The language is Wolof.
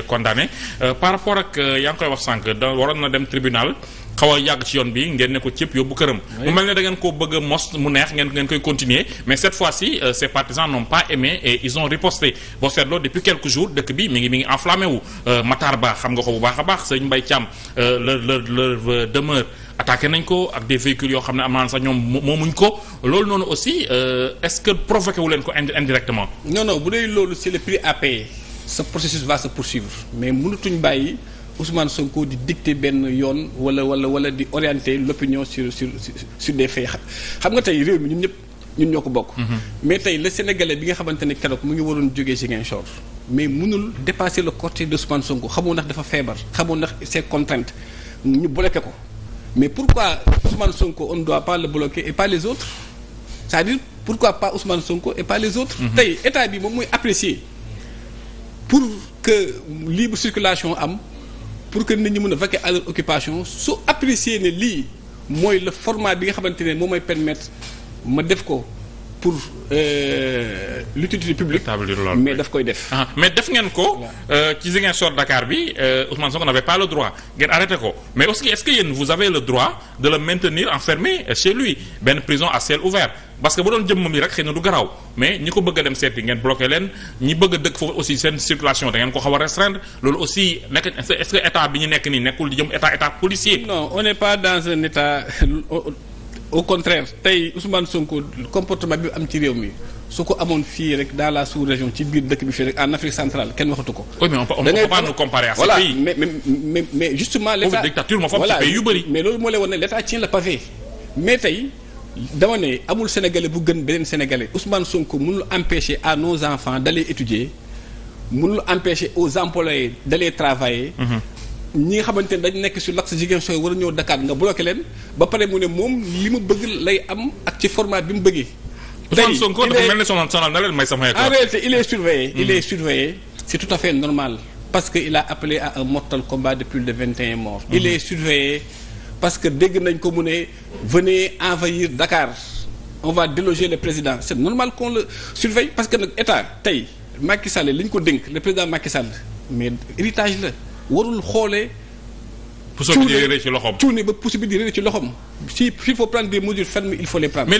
qui condamné euh, par rapport ak euh, yaa ngi koy wax sànq waroon na dem tribunal xaw yàgg ci yoon bi ngeen ne ko cëpp yóbbu këram. mu mel ne da ngeen bëgg a mu neex ngeen koy continuer mais cette fois-ci ces euh, partisans n'ont pas aimé et ils ont riposté depuis quelques jours dëkk bi mi ngi mi ngi enflammé wu. Ba xam nga ko bu baax a baax sëñ Mbaye Thiam le le le demeure nañ ko ak des véhicules yoo xam ne am naan sax ñoom moomuñ ko loolu noonu aussi est-ce sa processus va se poursuivre mais mënatuñ bàyyi Ousmane Sonko di dicter benn yoon wala wala wala di orienter l'opinion sur sur sur des faits xam nga tey réew mi ñun ñëpp ñun ñoo ko bokk. Mm-hmm. mais tey le sénégale bi nga xamante ne keroog mu ngi waroon jógee Ziguinchor mais mënul dépasser le cortège de Ousmane Sonko xamoo ndax dafa feebar xamoo ndax see contraintes ñu bloqué ko mais pourquoi Ousmane Sonko on ne doit pas le bloquer et pas les autres cest dire pourquoi pas Sonko et pas les mm-hmm. état bi moom mooy apprécier. pour que libre circulation am pour que nit ñi mën a vaquer à occupation su apprécier ne lii mooy le format bi nga xamante ne moom mooy permettre ma def ko pour euh, l'utilité mais daf koy def. Ah, mais def ngeen ko. Euh, ci Ziguinchor Dakar bi euh, Ousmane Sonko n'avait pas le droit ngeen arrêté ko mais aussi est-ce que yéen vous avez le droit de le maintenir enfermé chez lui benn prison à ciel ouvert parce que bu doon jëmmam yi rek xëy du garaaw mais ñi ko bëgg dem seeti ngeen bloqué leen ñi bëgg dëkk foofu aussi seen circulation da ko xaw restreindre loolu aussi nekk est-ce que bi ñu nekk nii nekkul au contraire tey Ousmane Sonko comportement bi am ci réew mi su ko amoon fii rek dans la sous-région ci biir dëkk bi fii rek en Afrique centrale kenn waxatu ko. da ngay on ne mais mais mais justement l' état dictature moo fa am ci yu bëri. mais loolu moo lay wan ne l' état tient le mais tey dama ne amul sénégalais bu gën beneen sénégalais Ousmane Sonko mënul empêcher à nos enfants d'aller étudier mënul empêcher aux employés d'aller travailler. Mm-hmm. ñi nga xamante ne dañ nekk sur l'axe Ziguinchor war a ñëw Dakar nga bloqué leen ba pare mu ne moom li mu bëgg lay am ak ci format bi mu bëggee. tey Sonko dafa mel ne Sonal Sonal na leen may sama en réalité il est surveillé. il est hmm. surveillé c'est tout à fait normal. parce que il a appelé à un mortel combat de plus de vingt et un morts. il hmm. est surveillé parce que dégg nañ ko mu ne venez envahir Dakar on va déloger le président c'est normal qu'on le surveille parce que nag état tey Macky Sall li ñu ko dénk le président Macky Sall mais héritage la. warul xoole puso bi di réer ci loxoom cuune ba puso bi di réer ci loxoom. si il faut prendre des mesures fermes il faut les prendre.